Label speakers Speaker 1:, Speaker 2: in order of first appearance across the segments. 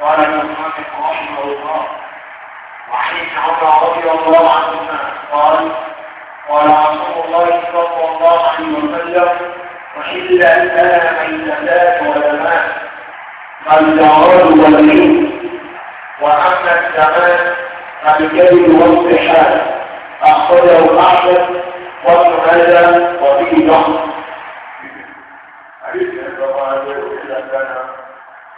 Speaker 1: قال المحامد رحمه الله وعن ابن عمر رضي الله عنهما قال قال رسول الله صلى الله عليه وسلم وحل لنا ميتات ودماء فالجراد والميت واما الدماء فالكذب والصحاب اخرجه احمد وابن ماجه وفيه ضعف حديث الزمان يقول لنا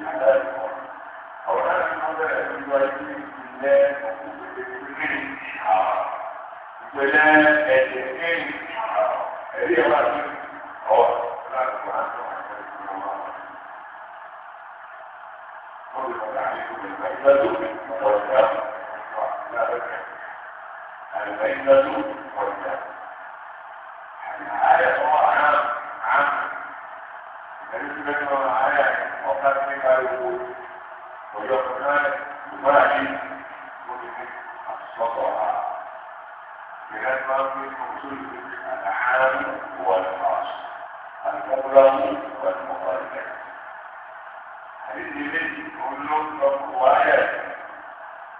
Speaker 1: ìpínlẹ̀ ẹ̀dẹ̀gbẹ̀rin ẹ̀rí ẹ̀wà tuntun. وطاعة لهذا من اصول الحال والخاص الابرم والمخالفات حديث الذي كل رب وآيات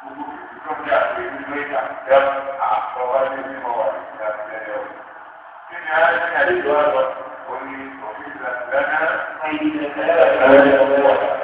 Speaker 1: وترجع في البيت عن قواعد الموارد في نهاية الحديث هذا وفي لنا أي نهاية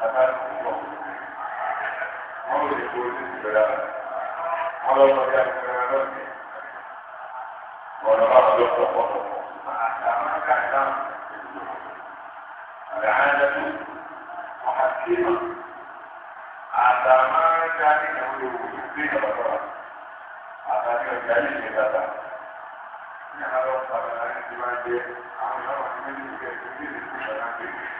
Speaker 1: bàbá ti pọ̀ wọ́n lè bo ojú ìgbéra
Speaker 2: wọ́n lọ sọ ya ìgbéra
Speaker 1: lọ́sẹ̀ ọ̀rọ̀ bá wọn lọ sọ pọ̀ àtàwọn káàkiri àdáhàndàtú ọ̀hàkìmá àtàwọn káàkiri àwọn olùwòye gbé ọ̀rọ̀ àtàwọn ọ̀gá yìí ní bàbá ní àwọn ọ̀pọ̀ àbẹ̀lẹ̀ àti ìdíwájú àwọn ọ̀pọ̀ àti ìdíwájú ẹ̀kọ́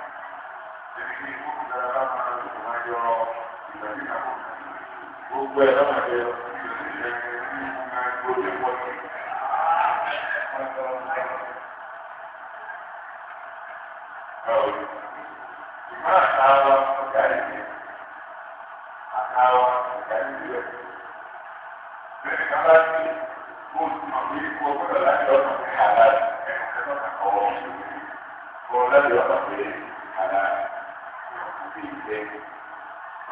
Speaker 1: gbogbo ẹ̀ lọ́nà jẹ́ ìmọ̀ àtàwọn ọ̀gá ìlú àtàwọn ọ̀gá ìlú ẹ̀ bẹ́ẹ̀ ká bá ti kó tuma bí kó gbọ́dọ̀ láti ọ̀nà ní àlá ẹ̀ ẹ̀ lọ́nà ọ̀hún ọ̀rọ̀ láti ọ̀nà pé. ṣe é.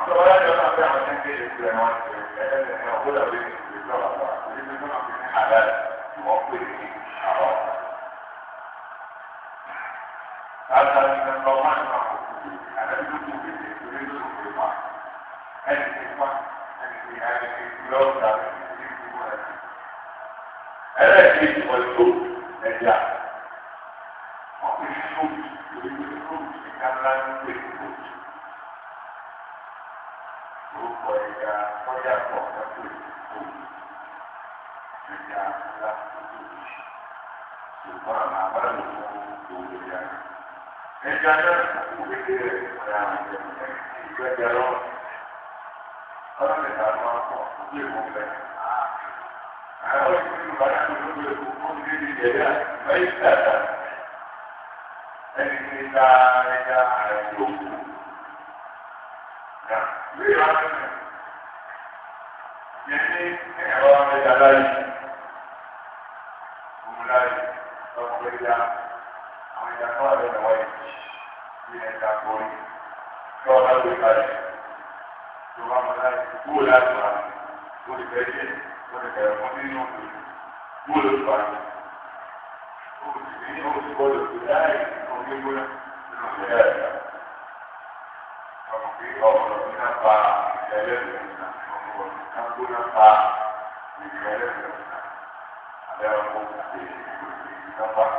Speaker 1: Àwọn ọ̀rẹ́ yóò náà fẹ́ àwọn ẹni tí èsì rẹ̀ wọ́n ti rẹ̀ ẹ̀ẹ́dẹ̀ ní ọ̀gbọ́dọ̀ bí ní ìlú ìjọba wa ìlú ìjọba náà fi ní àdá ìwọ́n pè ní àwọn ọ̀rẹ́. Àgbà ni nọ́mbà wá ní àwọn òkúté àdàbí tó tó bèèrè lórí lórí òkúté wa. Ẹni tí wá ẹni tí a lè fi lọ́ọ̀dà ẹja náà kò gbèdé rẹ̀ ọ̀dà ìgbà jẹrọ ọlọ́mẹta máa ń pọ̀ ojú èkó fẹ́. àwọn ìṣèlú bàtà tó lójú èkó fún mi ní ìjẹ̀yà lẹ́yìn tààtà ẹni tí ń ta ẹja rẹ̀ tó kù. Ìwé wa ń bẹ̀rẹ̀. Yẹ́nì ẹ̀rọ ẹja láyé. Òun láyé ọkọ̀ ẹja. llamada de la y en el tamborín. Toda la vida de Yo vamos a dar un alma, un especie, con el termotino, un culo de paz. Un niño, un culo de ciudad, un niño, un culo de ciudad. Como que yo, como una paz, que se ve de una, como que se ve de una paz, que se ve de una, a ver, como que se ve de una paz,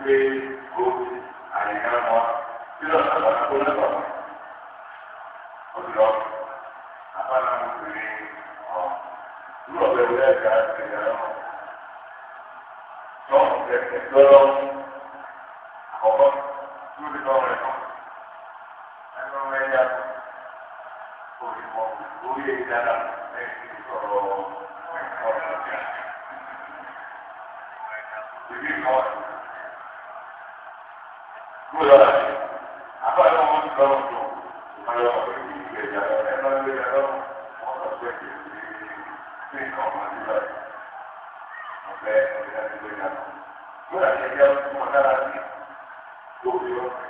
Speaker 1: gbé gbòòdì àyíká mọ́ tí lọ́sọ̀ àwọn akóná bọ̀ wọ́n. ó lọ abáná mú kiri ọ̀ lúwọ̀ bẹ́ẹ̀ wúlẹ̀ ẹ̀ka ti yà lọ. tó ẹ̀kẹ́ lọ́lọ́ àkọ́kọ́ tó lè lọ́wọ́ rẹ̀ kàn. ẹni wọn wáyé yá òyìnbó orí èyí dára lẹ́yìn sọ̀rọ̀ ọ̀rọ̀ ìjà. ìdí kan mo lọ rà mí àbá yọ wọn lọ wọn tó wọn yọ wọn lórí ìgbẹ́ ìjà lọ ẹ máa ń gbé ẹjọ́ wọn lọ sí ẹ̀jẹ̀ sí sí nǹkan ọmọ nígbà yìí wọn fẹ́ ọ̀gbìn àti ìgbẹ́ ìjà lọ. mo rà mí ẹjọ́ tí mo dára sí lóòótọ́.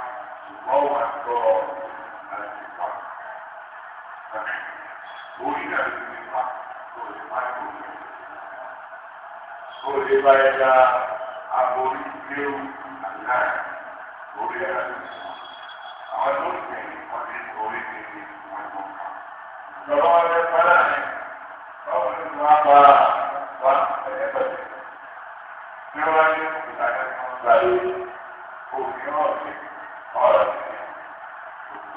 Speaker 1: wà sọ àtìpá orí náà ló ti pa kò lè má tó yẹ kò lè bá ẹ dá aborí léwu àná orí ẹ náà ló ti pa àwọn tó ń tẹ̀lé wọn ní orí kejì wọn tó ń pa.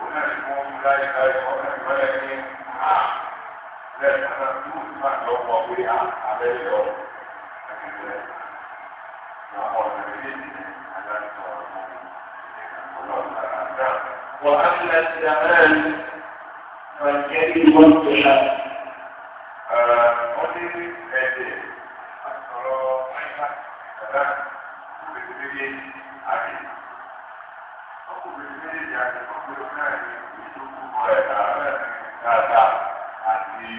Speaker 1: òun náà ni mo ń la ìka ìkọ́ náà ìmọ̀lẹ̀ ní à lẹ́yìn náà tí mo ti máa lọ mọ̀ pé à abẹ́ yọ àti ìgbẹ́ àwọn ọ̀nà méjèèjì ní adájọ́ ọ̀rọ̀ ọlọ́run àgbà. wà á ti lẹ́sí abẹ́rẹ́ mi wọ́n jẹ́ kí wọ́n tó la. wọ́n ní ẹ̀jẹ̀ àtọ̀rọ̀ àyíká ìkàdá òbí ti méjèèjì àti ọkùnrin méjèèjì àti ọkùnrin méjèèjì kàtà àti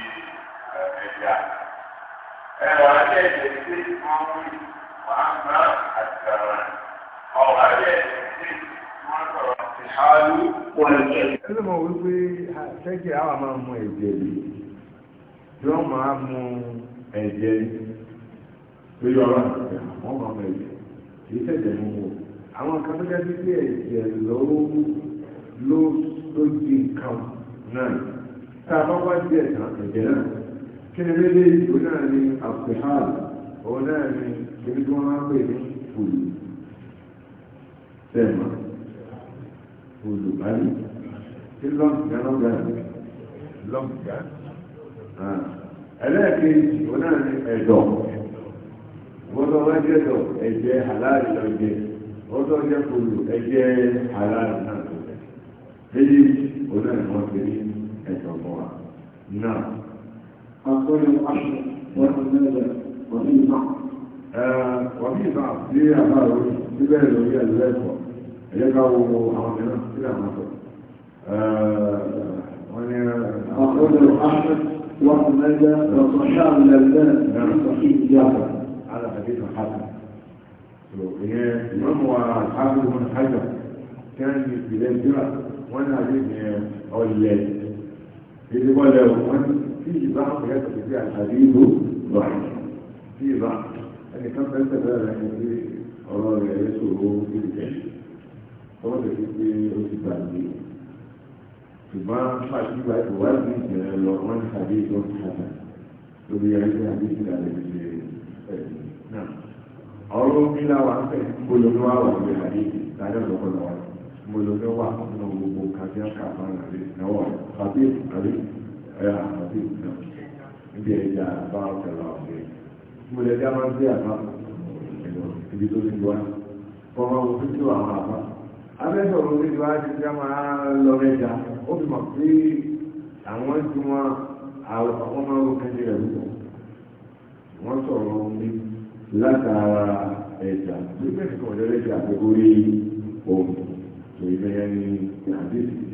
Speaker 1: ẹ̀yà. Ẹ̀rọ ajé ìdè sí wọ́n fi máa ń ná àtàrà. Ọ̀rọ̀ ajé ìdè sí wọ́n sọ̀rọ̀ sí àlù pọ̀lìkì. Ẹni mọ̀ wípé àtẹ́kẹ̀ àwọn máa mú ẹ̀jẹ̀ rí. Yọ́ máa mú ẹ̀jẹ̀ rí. Lórí ọ̀rọ̀ àti àwọn máa mú ẹ̀jẹ̀ kì í tẹ̀jẹ̀ mú wò. Àwọn kan tó jẹ́ pé ẹ̀jẹ̀ ló ló ló di nǹkan náà tá a bá wá sí ẹ̀sán ẹ̀jẹ̀ náà kí ni lélẹ̀ ìlú náà ni àfihàn òun náà ni ibi tí wọ́n máa ń pè ní fùlù tẹ̀mọ̀ fùlù báyìí kí lọ́ọ̀gá lọ́gá lọ́gá ẹlẹ́ẹ̀kejì òun náà نعم القول العشر والمنازع وفي بعض وفي بعض آه، هي آه، نعم. هذا البلد وهي الولاية يقعوا حرامنا إلى ما القول العشر والمنازع وصحاب الألبان صحيح جعفر على حديث الحسن الإمام والحافظ من حجر كان في بداية الجرأة وأنا حديث أو الليل èdè wọ́n lẹ́wọ̀ wọ́n tí ìbá ọ̀pẹ̀yàtọ̀ sí àtàrí ìlú lọ́yìn tí ìbá ẹni kan fẹ́ tẹ̀lé rẹ̀ ní pé ọ̀rọ̀ rẹ̀ yẹ sòro sí ìjẹ́ ọwọ́ tẹ̀ sí pé ó ti gbàgbé ṣùgbọ́n fàṣígbà ìwádìí ìjìnlẹ̀ lọ wọ́n ní àbí ìjọ ń kàtà lórí ẹgbẹ́ àbí ìjìnlẹ̀ rẹ̀ ti ṣe ọ̀rọ̀ mi láwa ń fẹ́ kó lóyún àwọn ìgbé àbí ìjìnlẹ̀ gbọ́dọ̀ wà nínú gbogbo kàbí àkàbà àrí ìnáwó àbí àrí ẹ̀yà àbí ìnáwó níbi ẹ̀yà àbá ọ̀tẹ̀lá ọ̀gbẹ́. gbọ́dọ̀ ẹ̀yà máa ń gbé àbá ẹ̀lọ ibi tó ti wá fọmọ ohun tó ti àbá. abẹ́sọ̀ ohun ti wá ti ti máa lọ mẹ́ta ó fi mọ̀ pé àwọn tí wọ́n àwọn máa ń ro lọ. wọ́n sọ̀rọ̀ omi látara ẹ̀jà nígbà tí kò We bẹ́ẹ̀ ní